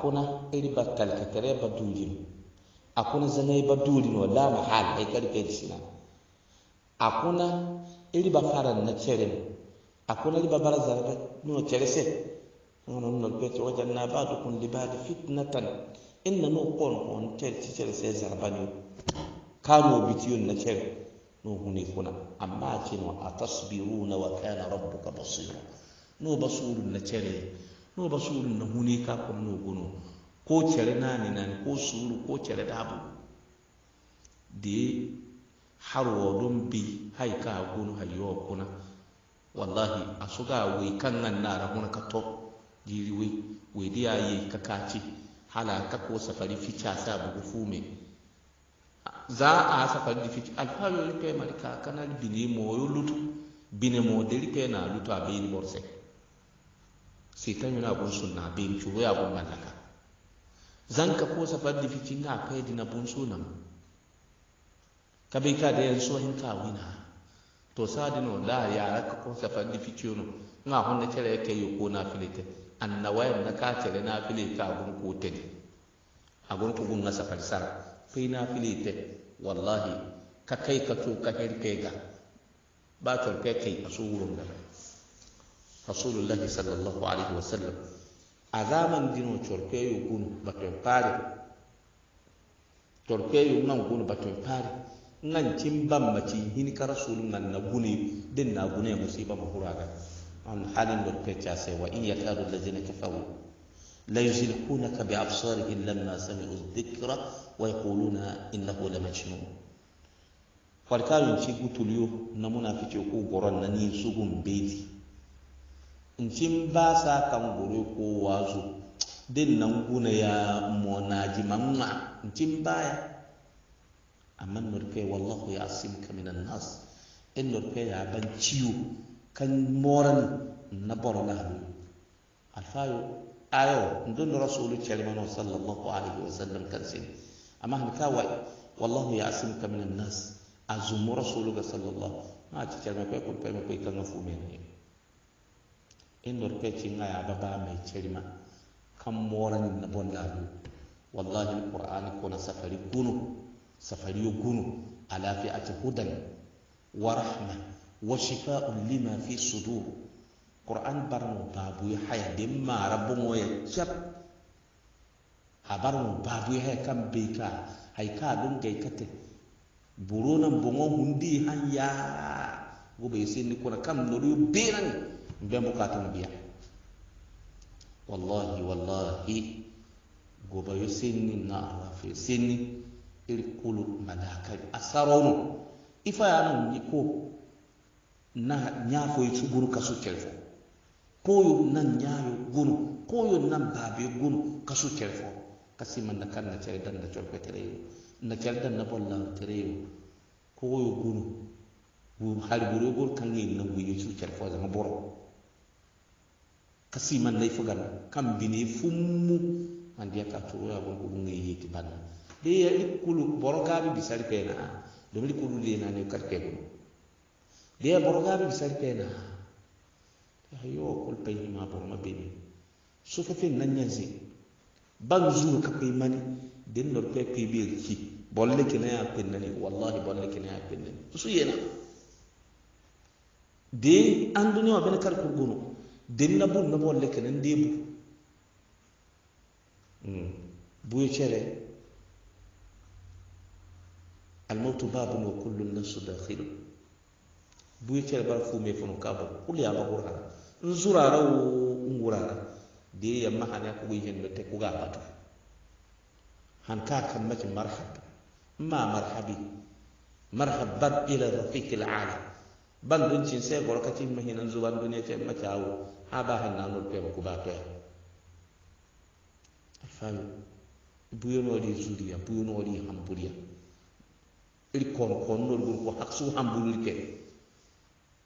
akuna iri battal ka tere ba durin akuna zanai ba durin wala mahal ai karfe disina akuna iri ba faran na cerem akuna iri ba barazan ba no cerese no no pe to wajanna ba'dukum li ba'd fitnatan inna no kon on ter ci cerese zarbani kano bitiyun na cerem no hune kuna amma cin wa atasbiruna wa kana rabbuka basira no basurun na cerem no rasulu na hune ka kom no gono ko cere na ni nan ko suru ko cere da bu de har wo don bi hay ka gono hay yo kuna wallahi asuga we kan nan na ra kuna ka to diri we we di aye ka ka ci hala ka ko safari fi cha sa bu fu me za a safari fi cha alfa yo ni pe mari ka kana bi ni mo yo lutu bi ne mo de ri pe na lutu a bi ni borse sitan yuna bun sunna bin chugo ya mallaka zan zanka ko safar da fitin na kai da na suna ka bai ka da yanso hin ka wina to sadino da ya raka ko safar di na nga honne tere kai yi ko na filite annawaya na ka tere na a agun ko te agun ko gun na safar sara fai na filite wallahi ka kai ka to ka hirke ga ba ka kai kai a su wurin gaba rasulullahi sallallahu alaihi wa sallam a zaman dino corkeyo gunu batoen paari corkeyo ŋan gunu batoen paari ŋan cimban maci hini ka rasulu nan na gune din na gune musiba mahuraga an halin dor keccase wa in ya yakadu alladina kafaru ليزلقونك بأبصارهم لما سمعوا الذكر ويقولون إنه لمجنون farkarin ci gutulyo na na muna munafike ko goron na ni sugun beti nfin ba sa kan gore ko wazo din nan kuna ya monaji mamma nfin baya amma nurfe wallahu ya asim ka minan nas in nurfe ya ban ciwo kan moran na boro na hannu alfayo ayo ndun rasulu chairman sallallahu alaihi wasallam kan sin amma han kawai wallahu ya asim ka minan nas azumu rasulu sallallahu ma ci chairman kai kun kai kai kan fumen indor peci ngaya ba mai cerima kan ni na bondaru wallahi ko na safari gunu safari gunu ala fi'ati hudan wa rahma wa shifa'un lima fi sudur qur'an barno babu haya dem mara bongo ya chap habarno babu haya kan beka haika ka dun gai kate buru nan bongo hundi han ya gobe sai ni kona kam nori beran don bukatun biya wallahi wallahi sinni na narafe sinni irkulu kulu a asarono ifa ya nan ni ko na ñafoy ka su telefo koyo nan nyayo gunu koyo nan babe gunu kasu telefo kasiman na kan na cire dan na tare yi na cere dan na tare yi koyo gunu har guru gol kan yi na wuyo su telefo zama boro kasiman na ifagana kan bine fummu an dia ka turu ya bon ko ngi yiti banna de ya ikulu boroga bi bisari pena do mi kulu de na ne karte ko de ya boroga bi bisari pena ayo kul pay ma bon ma bini so ka fen nan yanzi ban zu ka pay mani den no pe pe bi ki bolle kina ya penna ni wallahi bolle kina ya penna ni so yena de anduni wa ben kar ko gono denna bun na bolle kanan debu hmm. buye cere almautu babun wa kullun nasu dakhilu buye cere bar fu me fono kabo kul ya ba qur'an nzurara wo ngurara de ya mahana ko yihen no te ko ga batu han ka kan maki marhab ma marhabi marhaban ila rafiq al alam bandun cin sai gorkati mahinan zuwan duniya ta matawo ha ba hannanul pem ku ba pe afan buyo no di zuriya buyo no di hamburiya il kon kon no gur ko haksu hamburul ke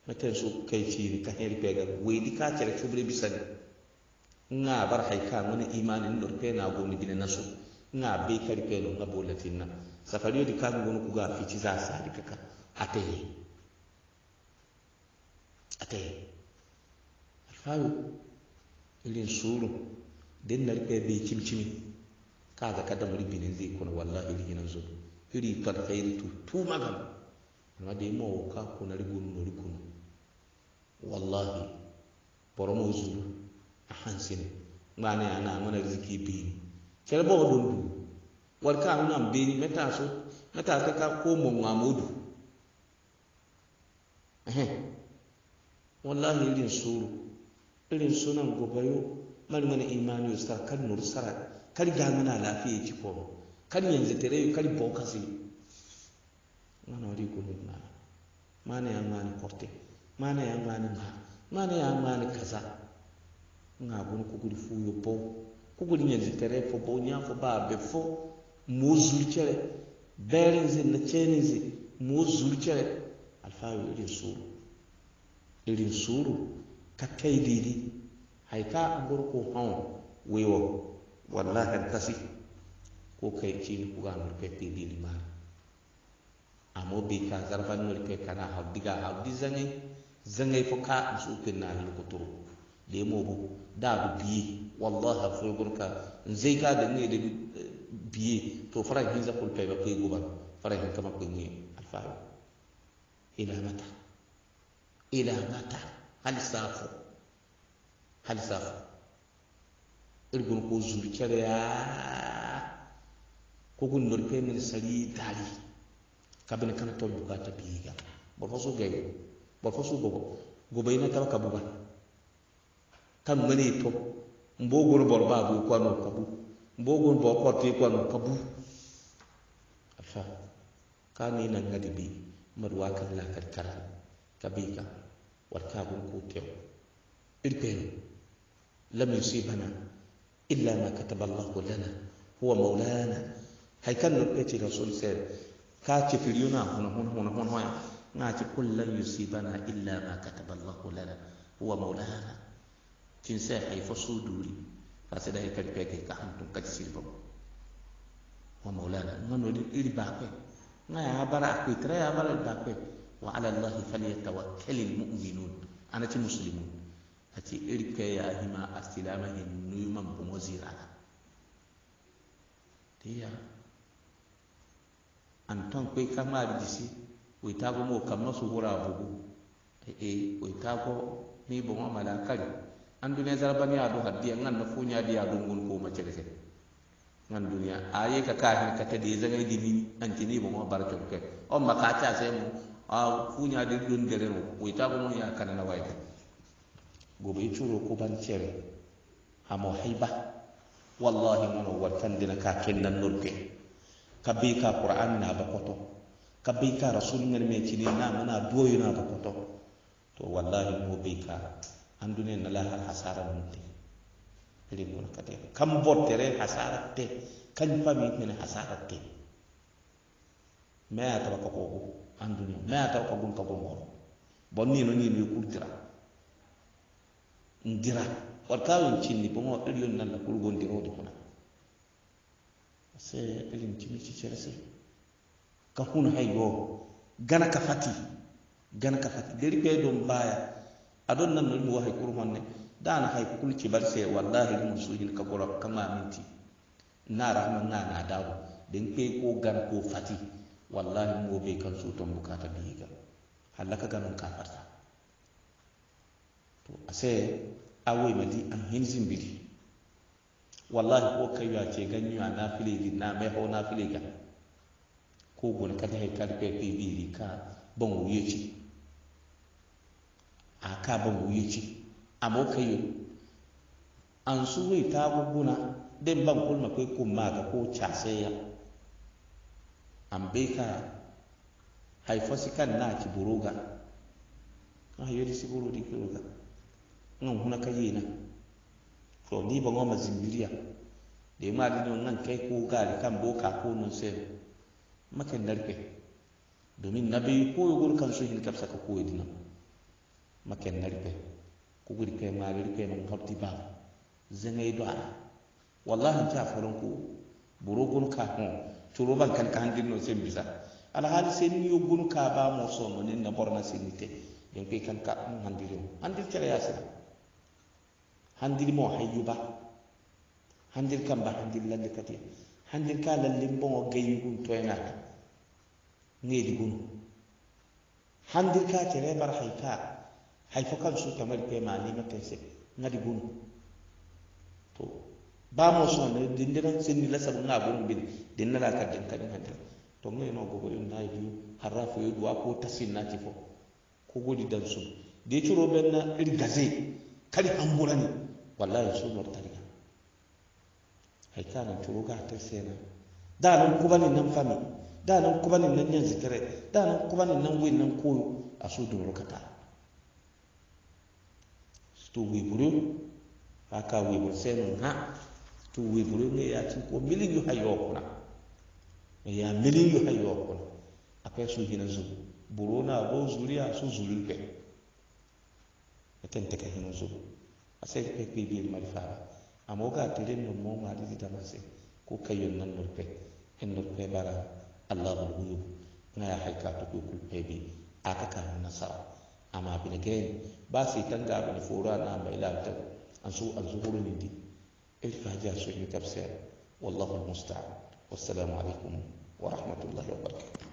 Mata su kai ci ka hel pe ga we di ka tere chubre bisani na bar hay ka mun imanin ndor pe na gomi dine nasu na be kar pe no na bolatin na safariyo di ka gun ku ga ci za sa di ka ate ake alfahu irin suru din na rike bai cimcimi ka ga kada mu ribinin zai kuna walla iri yana zo iri kan khairi tu tu magam amma da mawa ka kuna rigunu no rigunu wallahi boromo zulu a hansi ne, ngane ana mana riziki bi kelbo dundu warka ŋuna mbeni meta so meta ta ka ko mo ŋamudu wallahi irin suru irin sunan gobayo mari mana imani usta kar nur sara kar ga mana lafiya ci ko kar yanzu tare kar bokasi mana wari ko na mana ya mana korte mana ya mana ma mana ya mana kaza nga gun ku gudi fuyo po ku gudi yanzu tare fo bo nya fo ba be fo mo zulcere berin zin na cenin zin mo zulcere alfawi irin suru irin suru kai didi haika a gorko hau wewo wallahi kasi ko kai cini kuga kai pepe didi ma amo be ka zarfa nor kai kana habdiga habdi zangai zangai fo ka su kin na hil kuturu de mo bu da bu bi wallahi fo gurka ka zai ka da ne da bi eh, to faran hin zakul pe ba kai guba fara hin kama kun ne alfa ila mata ila mata hal safo hal safo irgun ko zurkiyar ya ko gun norfe min sari tari kabin kan to bukata biga ba faso yi ba faso gogo gobai na tarka buga kan mane to mbogon bor babu ko no kabu mbogon bor ko te ko no kabu afa kani nan ngadi bi marwa kan la karkara kabika والكاب القوقع البين لم يصيبنا إلا ما كتب الله لنا هو مولانا هاي كان نبيتي رسول سيد كاتي في اليونا هنا هنا هنا هنا هنا ناتي كل لن يصيبنا إلا ما كتب الله لنا هو مولانا تنساحي فصودوري صدوري فاسدا كان بيكي كهانتم كجسير بابا هو مولانا نانو دي إلي باكوي نا يا برا أكوي ترى يا برا wa ala allahi falyatawakkalul mu'minun anati muslimun ati irke ya hima astilama hin nuyman bumozira tiya anton kwe kamar disi witago mo kamma suhura bugu e witago ni bongo malakari an duniya zarabani ado haddiya ngan na funya diya dungun ko macerese ngan duniya aye ka kahin ka tade zanga dimi antini bongo barkan kai on makata sai mu a kunya de dare dereno wai ita ko ya kana na waye gobe curo ko ban cere a amo haiba wallahi mono watan dina ka kennan nurke kabbe ka qur'an na ba ka kabbe ka rasul ngal me cini na mana doyo na ba koto to wallahi mo be ka andune na laha hasara munte ri mo kate kam botere hasara te kan fami ne hasara te me ataba ko ko anduni na ya tar gun ko mo bon ni no ni ni kurtira ngira war kawin cinni wa ɗiɗiyon nan na diro kuna se elin cimi cicere se ka hun hay goo gana ka fati gana ka fati deri ɓe do mbaya adon nan no wa hay kurman ne dana hay kulci bar se wallahi mun suhin ka goro kama minti na rahman na na dawo den ke ko gan ko fati wallahi mo be kan suton bukata biyiga halaka ganin kafarta to sai awoy mali an hin biri wallahi ko kai ya ce ganyu a nafile na mai na nafile ga ko gon ka ta yi pe pe biri ka ban wuye ci a ka ban wuye ci a mokayi an suwe ta gugguna den ban kulma kai kuma ga ko casaya. ambe ka hay fosi kan na ci buruga ah yori si buru di buruga ngon huna ka yina to ni ba ngoma zimbiriya da ma di non nan kai ko gari kan boka ko non sai makan narke domin nabi ko yugur kan su hin kafsa ka ko idina makan narke ku guri kai ma guri kai non hafti ba zanga do wallahi ta furan ku burugun ka curoban kan ka handir no sen bisa alhaali sen yo gunu ka ba mo sono nin na borna senite yen koy kan ka mu handiri mo handir cere ya sira handiri mo hayyuba handir kan ba handir lalle katiya handir ka lalle bongo gayugun ne ngeli gun handir ka cere bar hayka hayfo kan su tamar pe ma ni ma kayse ngadi gun to ba mo son ne eh, din dina sin ni lasa na gun bin din na ka din ka din ka din to ngai yana go yun na yi harafu yu duwa ko tasin na ti fo ko godi dan su de ciro ben na ir gaze kali bura ne wallahi su mor tariya hay kana ciro ga ta sena da nan kuba ne nan fami da nan kuba ne nan yin zikire da nan kuba ne nan wayin nan koyo a su doro kata to wiburu aka wibur senu ha tu wivru ne ya ti ko milin yu hayo kuna me ya milin yu hayo kuna akai su hina zu burona go zuriya su zuri pe eten te ka hina zu sai kai kai bi marifa fara amo ga tere no mo ma di da mase ko kayon nan nur in hen nur pe bara allah hu na ya haika to ko kul pe bi aka kan nasara amma na gain ba sai tanga bin fora na mai lafiya an so an zuhuru ne إلى فهجان شيء والله المستعان والسلام عليكم ورحمة الله وبركاته